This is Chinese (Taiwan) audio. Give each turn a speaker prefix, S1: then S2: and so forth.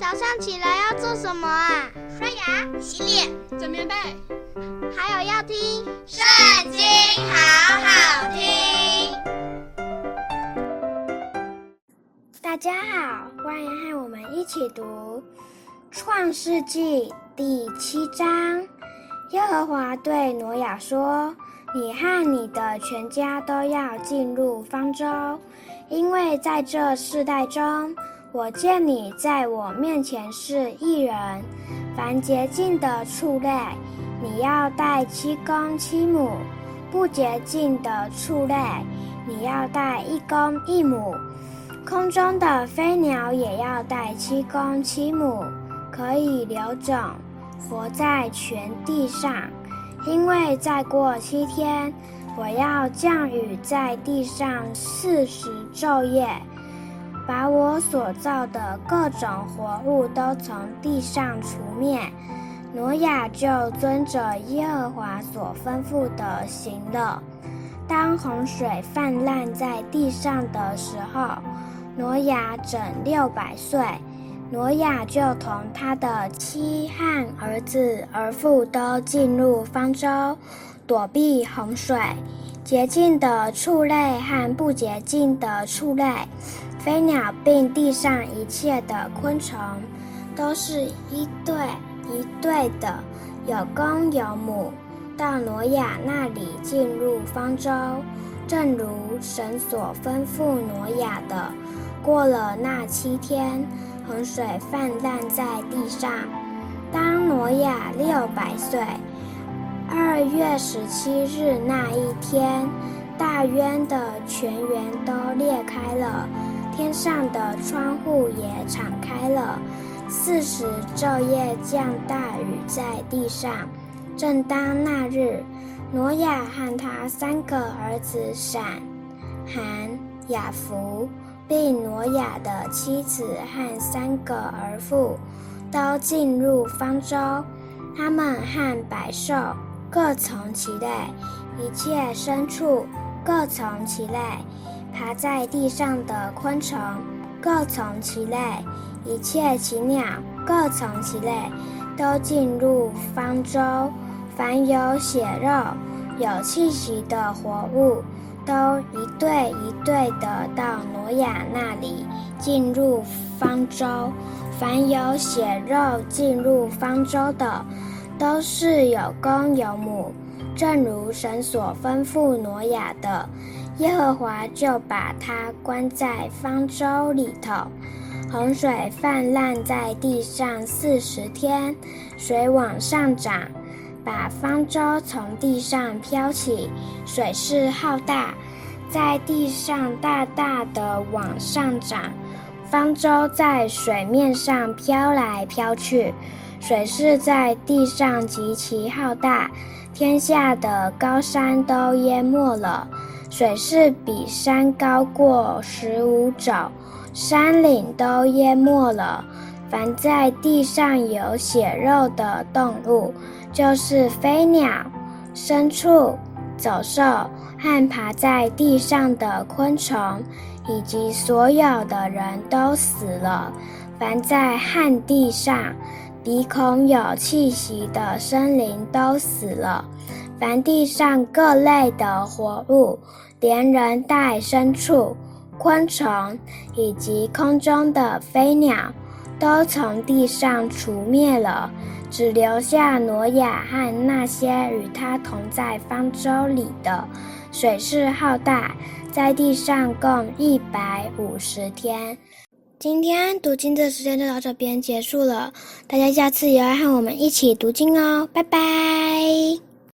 S1: 早上起來要做什麼啊？刷牙、洗臉、整棉被，還有要聽《聖經好好聽》。大家好，歡迎和我們一起讀《創世記》第七章。耶和華對挪亞說：“你和你的全家都要進入方舟，因為在這世代中。”我見你在我面前是義人，凡潔淨的畜類，你要帶七公七母；不潔淨的畜類，你要帶一公一母。空中的飛鳥也要帶七公七母，可以留種，活在全地上。因為再過七天，我要降雨在地上四十晝夜。把我所造的各種活物都從地上除滅。挪亞就遵着耶和華所吩咐的行了。當洪水氾濫在地上的時候，挪亞整六百歲。挪亞就同他的妻和兒子兒婦都進入方舟，躲避洪水。潔淨的畜類和不潔淨的畜類，飛鳥並地上一切的昆蟲，都是一對一對的，有公有母，到挪亞那裡進入方舟，正如神所吩咐挪亞的。過了那七天，洪水氾濫在地上。當挪亞六百歲，二月十七日那一天，大淵的泉源都裂開了，天上的窗戶也敞開了，四十晝夜降大雨在地上。正當那日，挪亞和他三個兒子閃、含、雅弗，並挪亞的妻子和三個兒婦，都進入方舟。他們和百獸。各從其類，一切牲畜各從其類，爬在地上的昆蟲各從其類，一切禽鳥各從其類，都進入方舟。凡有血肉、有氣息的活物，都一對一對地到挪亞那裡進入方舟。凡有血肉進入方舟的。都是有公有母，正如神所吩咐挪亞的，耶和華就把他關在方舟裡頭。洪水氾濫在地上四十天，水往上漲，把方舟從地上漂起。水勢浩大，在地上大大的往上漲，方舟在水面上漂來漂去。水勢在地上極其浩大，天下的高山都淹沒了。水勢比山高過十五肘，山嶺都淹沒了。凡在地上有血肉的動物，就是飛鳥、牲畜、走獸，和爬在地上的昆蟲，以及所有的人都死了。凡在旱地上，鼻孔有氣息的生靈都死了。凡地上各類的活物，連人帶牲畜、昆蟲、以及空中的飛鳥，都從地上除滅了，只留下挪亞和那些與他同在方舟裡的。水勢浩大，在地上共一百五十天。今天讀經的時間就到這邊結束了，大家下次也要和我們一起讀經哦，拜拜。